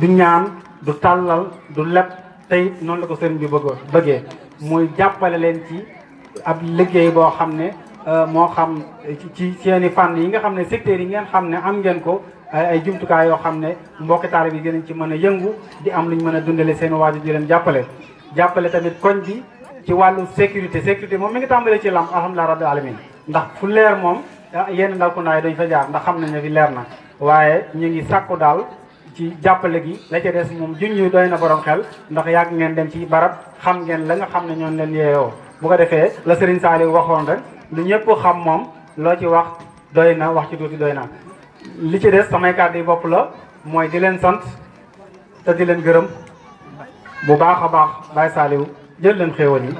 du ñaan du tàllal du leb tey noonu la ko sëriñ bi bëgg bëggee muy jàppale leen ci ab liggéey boo xam ne euh, moo xam ci seeni fànn yi nga xam ne secteurs yi ngeen xam ne am ngeen ko ay jumtukaay yoo xam ne mbokki taalibe bi gën ci mën a yëngu di am lu ñu mën a dundale seen waajur di leen jàppale jàppale tamit koñ bi ci wàllu sécurité sécurité moom mi ngi tàmbalee ci lam alhamdulilah rabbil alamin ndax fu leer moom ah, yenn ndaw ku ndaw yi dañ fa jaar ndax xam nañ fi leer na ci jàppale gi la ca des moom junj doy na borom xel ndax yàgg ngeen dem ci barab xam ngeen la xam ne ñoon leen yeeyoo bu ko defee la Serigne Saliou waxoon rek lu ñëpp xam moom loo ci wax doy na wax ci tuuti doy na li ci des samay kàddu di bopp la mooy di leen sant te di leen gërëm bu baax a baax Baye saaliw jël leen xéewal yi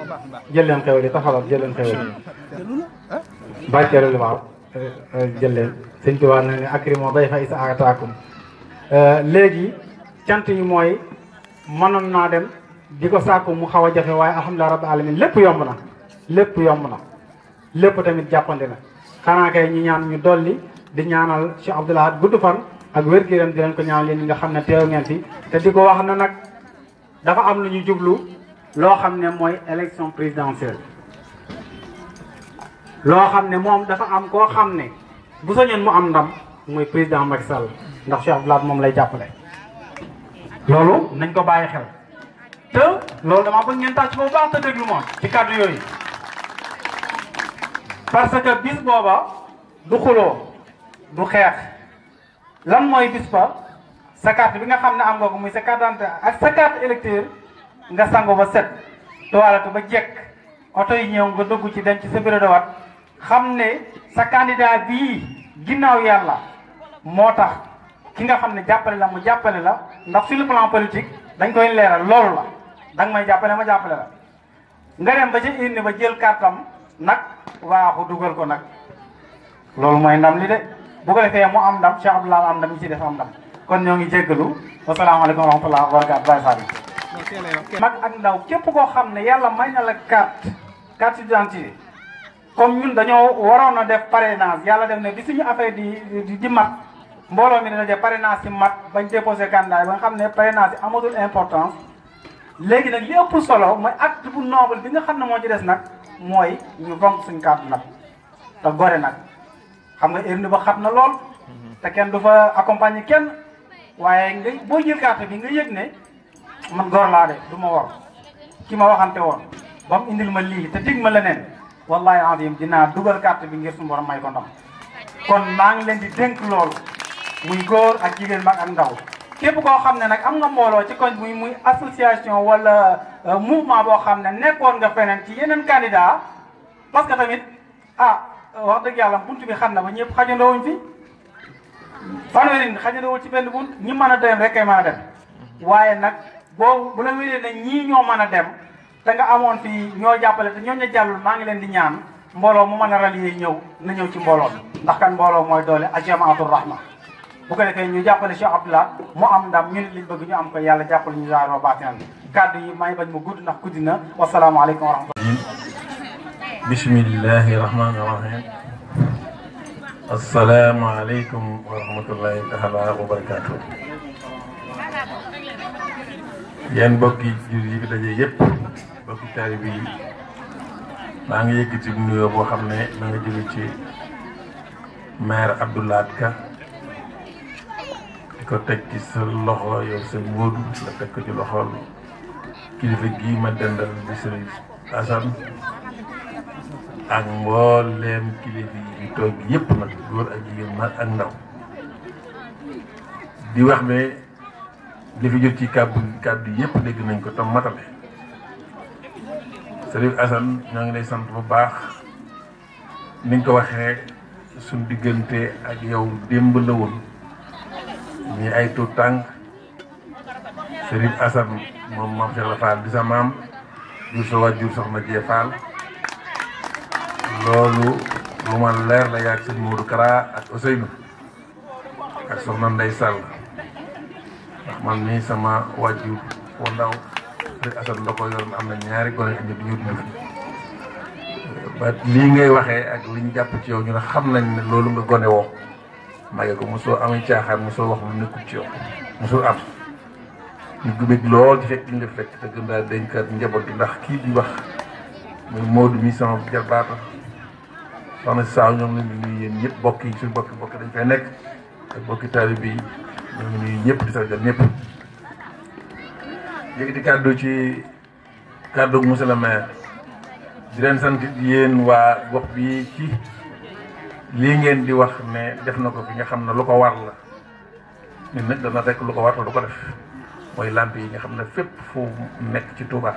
jël leen xéewal yi taxawal jël leen xéewal yi bàyyi teelul waaw jël leen sëñ Tuubaa na ne akrimo bay fa isa ataakum Euh, léegi cant yi mooy mënoon naa dem di ko sàkku mu xaw a jafe waaye alhamdulilah rabbi alamin lépp yomb na lépp yomb na lépp tamit jàppandi na xanaa kay ñi ñaan ñu dolli di ñaanal Cheikh Abdoul Ahad gudd fan ak wér-gu-yaram di leen ko ñaanal yéen nga xam ne teew ngeen fi te di ko wax na nag dafa am lu ñu jublu loo xam ne mooy élection présidentielle loo xam ne moom dafa am koo xam ne bu soñoon mu am ndam mooy président Macky ndax Cheikh Abdoulaye moom lay jàppale loolu nañ ko bàyyi xel te loolu dama ba ngeen tàcc bu baax te déglu moom ci kàddu yooyu parce que bis booba du xeex lan mooy bis ba sa bi nga xam ne am nga ko muy sa carte d'identité ak sa carte électeur nga sangu ba set ko ba jekk oto yi ñëw nga dugg ci dem ci sa bureau xam ne sa candidat bii ginnaaw yàlla moo tax ki nga xam ne jàppale la mu jàppale la ndax sur le plan politique dañ koy leeral loolu la danga may jàppale ma jàppale la nga dem ba ci indi ba jël kàrtam nag waaxu dugal ko nag loolu mooy ndam li de bu ko defee mu am ndam Cheikh Abdoulaye am ndam ñu ci def am ndam kon ñoo ngi jéggalu wasalaamaaleykum wa rahmatulah wa barakaatu ak ndaw képp koo xam ne yàlla may na la carte carte d'identité comme ñun dañoo waroon a def parrainage yàlla def ne bi suñu affaire di di mat mbooloo mi ne daje parrainage si mat bañ déposé candidat ba nga xam ne parrainage si amatul importance léegi nag li ëpp solo mooy acte bu noble bi nga xam ne moo ci des nag mooy ñu fonk suñ kàddu nag te gore nag xam nga urne ba xam na lool mhm. te kenn du fa accompagner kenn waaye nga boo jël carte bi nga yëg ne man góor laa de du ma wor ki ma waxante woon ba mu indil ma lii te dig ma leneen wallahi azim dinaa dugal carte bi ngir suñu borom may ko ndam kon maa ngi leen di dénk muy góor ak jigéen mag ak ndaw képp koo xam ne nag am na mbooloo ci koñ muy muy association wala euh, mouvement boo xam ne nekkoon nga feneen ci yeneen candidat parce que tamit ah wax dëgg yàlla bunt bi xam na ba ñëpp xajandoowuñ fi fanweeri xajandoowul ci benn bunt ñi mën a dem rek kay dem waaye nag boo bu la wéree ne ñii ñoo mën a dem te nga amoon fii ñoo jàppale te ñoo ñu jàll maa ngi leen di ñaan mbooloo mu mën a rallier ñëw na ñëw ci mbooloo ndax kan mbooloo mooy doole ajamaatul rahma bu ko defee ñu jàppale Cheikh Abdoulaye mu am da ñu nit bëgg ñu am ko yàlla jàppale ñu zaahir wa baatinam kàddu yi may bañ mu gudd ndax guddi na wasalaamaaleykum wa rahmatulah. bismillahi rahmaani rahim. asalaamaaleykum wa barakaatu. yéen mbokki jur yi daje yëpp mbokki maa ngi yëkkati nuyoo boo xam ne ma ngi jóge ci maire Abdoulaye ko teg ci sa loxo yow sa Moodu nga teg ci loxool kilifa gii ma dendal di sëriñ Assane ak mbooleem kilifa yi toog yëpp nag góor ak jigéen mag ndaw di wax ne li fi jot ci kàddu kàddu yëpp dégg nañ ko tam matale sëriñ Assane ñoo ngi lay sant bu baax ni nga ko waxee suñ diggante ak yow démb la woon ñii ay tuut tànk Serigne Assane moom maam Cheikh la Fall di sa maam jur sa wàjjur soxna Jee Fall loolu lu ma leer la yàgg sëñ Modou Kara ak soxna Ndey Sall ndax man mii sama wàjjur wu ndaw Serigne Assane nda ko yor am na ñaari gone indi di ñut ba lii ngay waxee ak liñ jàpp ci yow ñu ne xam nañ ne loolu nga gone woo mage ko mosoo amee caaxaan soo wax lu nekkul ci yow mosoo am ñu gëmit lool di fekk ñu def fekk te njaboot gi ndax kii di wax muy Modou mi sama jarbaata soxna si saaw ñoom lañ nuyu yéen ñëpp bokk yi suñu bokki bokk dañ fay nekk ak bokki taalibe ñoom nuyu ñëpp di sargal ñëpp léegi di kàddu ci kàddu monsieur le maire di leen sant yéen waa gox bi ci lii ngeen di wax ne def na ko bi nga xam ne lu ko war la ñun nag dana fekk lu ko war la du ko def mooy làmp yi nga xam ne fépp fu nekk ci Touba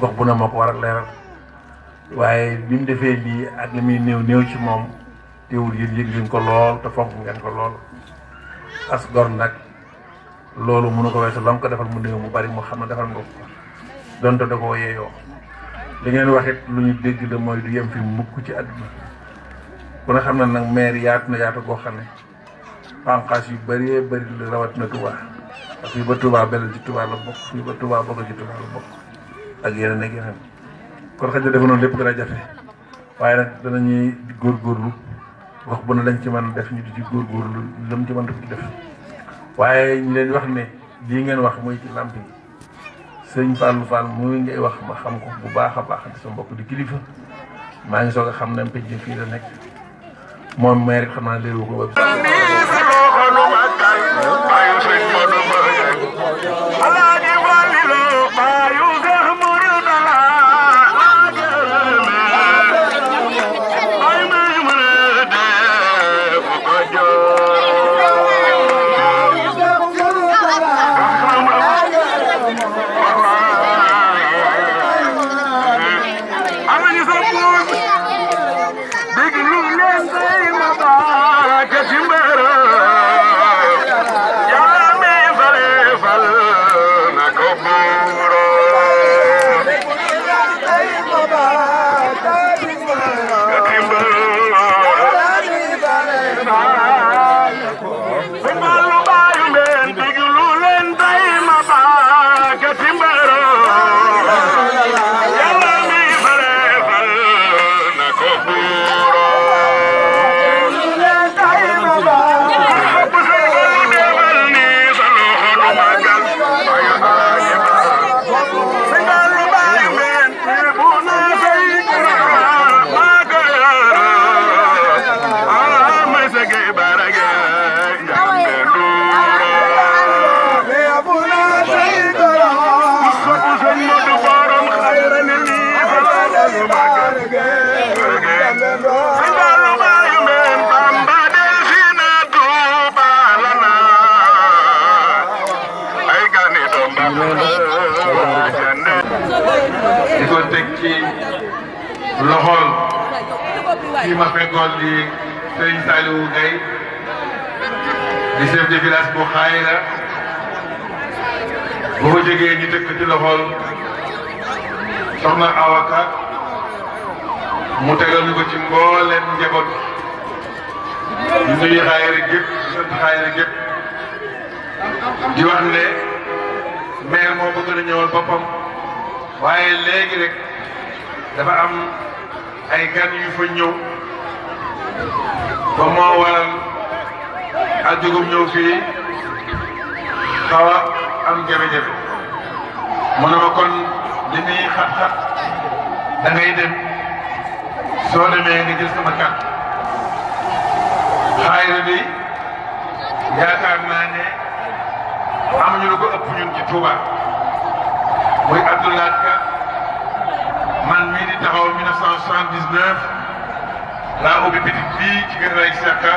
gox bu na moo ko war a leeral waaye bi mu defee lii ak na muy néew néew ci moom teewul yéen yëg ngeen ko lool te fonk ngeen ko lool as gor nag loolu mënu ko weesu la ko defal mu néew mu bari mu xam ne defal nga ko donte da koo yeeyoo li ngeen wax it lu ñu dégg la mooy du yem fi mukk ci àdduna ku ne xam na nag maire yaat na yaatu goo xam ne pànqaas yu bëree bëri la rawat na Touba fii ba tubaa Belel ci tubaa la bokk fii ba Touba Bogo ci Touba la bokk ak yeneen ak yeneen kon xëy na defe noonu lépp dana jafe waaye nag dana ñuy góor góorgóorlu wax bu ne lañ ci mën def ñu di ci lu lam ci mën def ci def waaye ñu leen wax ne lii ngeen wax muy ci làmp yi sëñ Fallou Fall muy ngay wax ma xam ko bu baax a baax di sa mbokk di kilifa maa ngi soog xam ne mpéj fii la nekk moom maire bi xam naa léegi ko web di ko teg ci loxol kii ma fekkoon di Serigne Saliou Gueye di chef de village bu Xayra bu fa jógee ñu tëkk ci loxol soxna Awaka mu tegal ko ci mbooleem njaboot ñu nuyu Xayra gépp sant Xayra gépp di wax ne maire moo bëgg na ñëwal boppam waaye léegi rek dafa am ay gan yu fa ñëw. ba moo waral ajjugum ñëw fii xaw am jafe-jafe mu ma kon li muy xat-xat da ngay dem soo demee nga jël sama kàtt xaayra bi yaakaar naa ne amuñu lu ko ëpp ñun ci Touba muy Abdoulaye Ka man mii di taxaw 1979. naa ubbi bitik bii ci gën lay seqa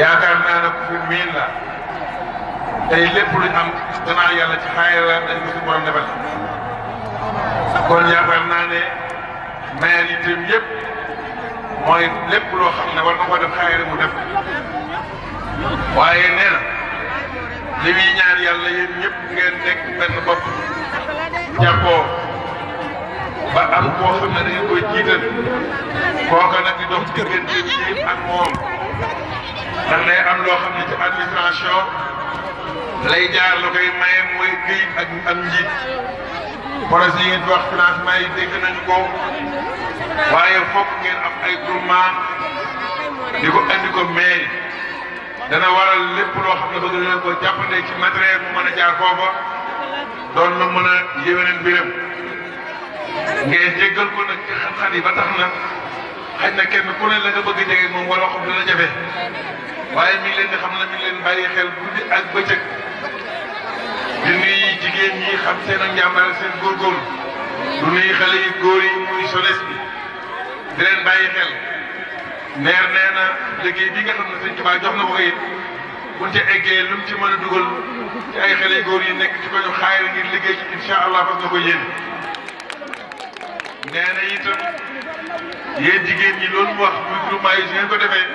yaakaar naa ne ku miin la tey lépp lu am danaa yàlla ci xayra dañ ko suñu borom kon yaakaar naa ne maire yi itam yëpp mooy lépp loo xam ne war nga ko def xayra def waaye nee na li muy ñaan yàlla yéen ñëpp ngeen nekk benn bopp jàppoo. ba am koo xam ne dañu jiital kooka nag di dox diggante jiib ak moom ndax day am loo xam ne ci administration lay jaar lu koy maye mooy këyit ak am njiit projet yi ngeen wax financement yi dégg nañu ko waaye fokk ngeen am ay groupement di ko andi ko dana waral lépp loo xam ne bëgg leen ko ci matériel mën a jaar foofa doon na mën a yéwénal mbiram ngeen jéggal ko nag ci yi ba tax na xëy na kenn ku ne la nga bëgg jege moom wala xam na jafe waaye mi ngi leen di xam ne mi leen bàyyi xel guddi ak bëccëg di nuyu jigéen ñi xam seen ak njàmbaar seen góorgóorlu du nuyu xale yi góor yi muy soles bi di leen bàyyi xel neer nee na liggéey bi nga xam ne sëñ Tuubaa jox na ko it buñ eggee lu mu ci mën a dugal ci ay xale yu góor yi nekk ci ko ñu xaayal ngir liggéey ci incha allah fas na ko yéen. nee yi itam yéen jigéen ñi loolu mu wax muy groupement yi su ngeen ko defee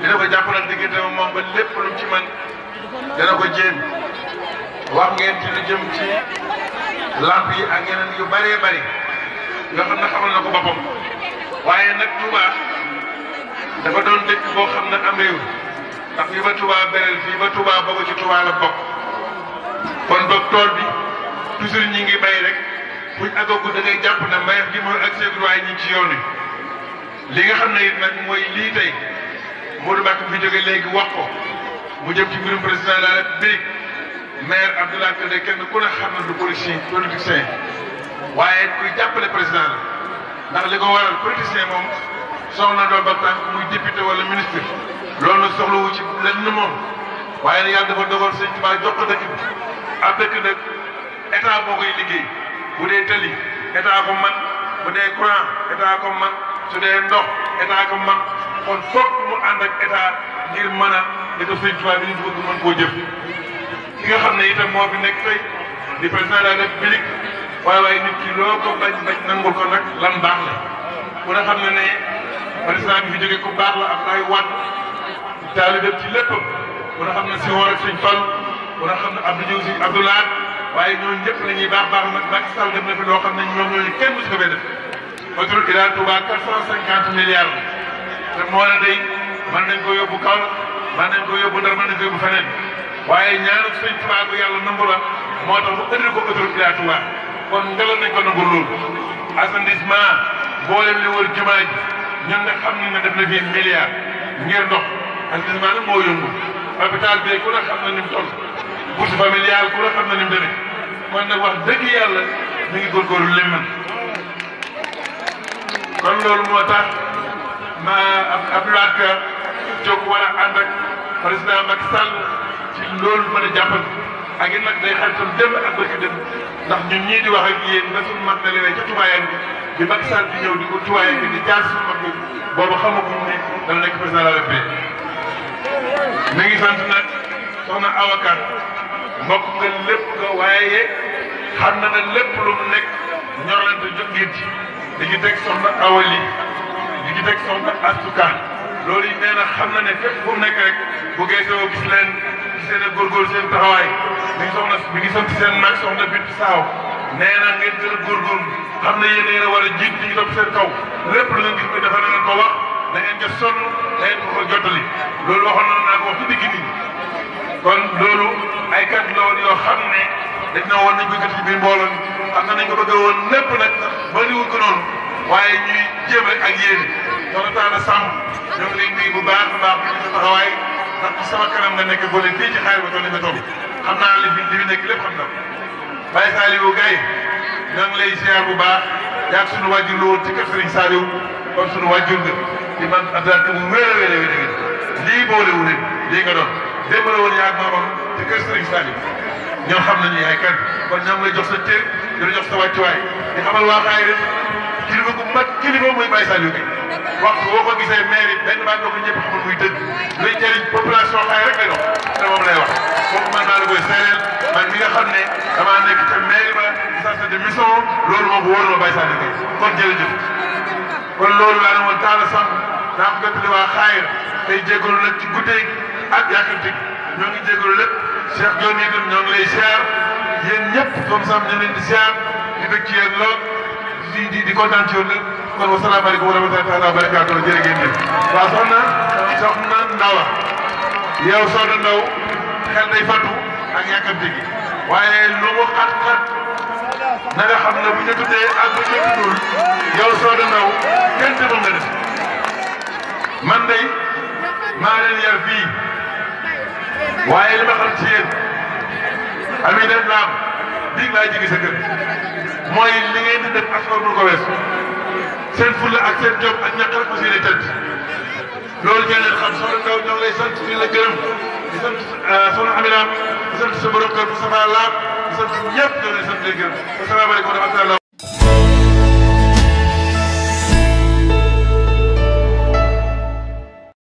dina ko jàppalal digganteem moom ba lépp lu ci man dana ko jéem wax ngeen ci lu jëm ci lamp yi ak yeneen yu bëree bëri yoo xam ne xamal na ko boppam waaye nag Touba dafa doon dëkk boo xam ne am réew ndax fii ba Touba berel fii ba Touba ci Touba la bokk kon boog tool bi toujours ñi ngi bay rek. buñ agoogu da ngay jàpp ne mbayam gi mooy ak seegul waaye ñu ci yoon wi li nga xam ne it nag mooy lii tey Modou Mbacke fi jóge léegi wax ko mu jëm ci mbirum président de la République maire Abdoulaye Kane kenn ku ne xam na du politicien politicien waaye kuy jàppale président la ndax li ko waral politicien moom soxla doon ba muy député wala ministre loolu nag soxlawu ci lenn moom waaye nag yàlla dafa dogal sëñ Tuubaa jox ko dëkk bi ab dëkk nag état moo koy liggéey. bu dee tëli état ko man bu dee courant état ko man su dee ndox état ko man kon foog mu ànd ak état ngir mën a li ko nga xam ne itam moo fi nekk tey di président de la république waaye waaye nit ki loo ko bañ bañ nangul ko nag lan baax la ku ne xam ne ne président bi fi jógee ku baax la Abdoulaye Wade taalibe ci lépp ku ne xam ne si woor ak sëñ Fall ne xam ne Abdou waaye ñooñu ñëpp la ñuy baax baax nag Macky Sall def na fi loo xam ne ñoom ñooñu kenn mosu ko te moo la day mën nañ ko yóbbu Kaolack mën nañ ko yóbbu Ndar mën nañ ko yóbbu feneen waaye ñaanu sëñ Touba bu yàlla nangu la moo tax mu ëndi ko autoroute Ila Touba kon ngelaw nañ ko nangu loolu assainissement boolem li wër jumaa ji ñun nag xam nañ ne def na fii milliards ngir ndox assainissement nag moo yëngu hôpital bi ku ne xam na ni mu bourse familiale ku la xam na ni mu wax dëgg yàlla mi ngi góorgóorlu li mu mën kon loolu moo tax ma Abdoulaye Ka jóg war a ànd ak président Macky Sall ci loolu mën a jàppal ak it nag day xaritam démb ak bëgg dem ndax ñun ñii di wax ak yéen ba suñu mag na leen ca tubaayam bi Macky Sall di ñëw di ko tubaayam di jaar suñu boobu xamaguñ ne dana nekk président de la mbokk nga lépp nga waaye xam na ne lépp lu mu nekk ñor leen te jóg ngeen ci di ci teg soxna awali di ci teg soxna astuka loolu yi nee xam na ne fépp fu mu nekk rek bu geesoo gis leen gis seen góorgóorlu seen taxawaay mi ngi soxna mi seen nag soxna bint saaw nee na ngeen góor a xam na yéen yéen a war a jiit ñu topp seen kaw lépp lu ngeen gis ko dafa na ngeen ko wax da ngeen sonn da ngeen ko loolu waxoon na naa ko wax ci digg nit kon loolu ay kat loolu yoo xam ne dañ na woon nañ ko kat am na nañ ko bëgg woon lépp nag bëri wul ko noonu waaye ñuy jéem ak yéen loolu tax na sàmm ñoo ngi leen di bu baax a baax di taxawaay ndax sama kanam nga nekk boole fii ci xaar ba toll nga toog xam naa li fi li fi nekk lépp xam na Baye Saliou Gaye ñoo lay ziar bu baax yaag sunu wàjjur la woon ci kër Serigne Saliou kon sunu wàjjur nga di man addaat mu wéer a wéer a lii boolewul rek lii nga doon. démb la woon yaag maamam te kër Serigne Salim ñoo xam nañu yaay kan kon ñoom lay jox sa cër di la jox sa wàccuwaay di xamal waa xaayira kilifa gu mat kilifa muy Baye Saliou Gueye waxtu boo ko gisee maire yi benn baat boo ko ñëpp xamul muy dëgg luy jëriñ population xaay rek lay dox te moom lay wax moom man maa la koy seereel man mi nga xam ne damaa nekk ca maire ba chargé de mission loolu moo ko wóor ma Baye Saliou Gueye kon jërëjëf kon loolu laa ne woon ak yàgg dig ñoo ngi jégalu lépp Cheikh Dione yi ñoo ngi lay ziar yéen ñëpp comme ça ñu leen di ziar di bëgg ci yéen lool di di di kontaan ci yow nag kon wasalaamaaleykum wa rahmatulah wa barakaatuh jërë ngeen jëf waaw soxna soxna Ndawa yow soxna Ndaw xel day fàttu ak yàkkamti gi waaye lu mu xat-xat na nga xam ne bu ñu tuddee ak bu ñu tuddul yow soxna Ndaw kenn demul nga def man day maa leen yar fii. waaye li ma xam ci yéen ami def naam dig laa mooy li ngeen di def askan bu ko wees seen ak seen jom ak ñàkk rek aussi ne tëdd loolu ngeen leen xam soxna Ndaw ñoo ngi sant di la gërëm di sant euh, soxna Amina di sant sa borom kër Moustapha Laam di sant ñëpp ñoo ngi lay sant di la gërëm asalaamaaleykum wa rahmatulah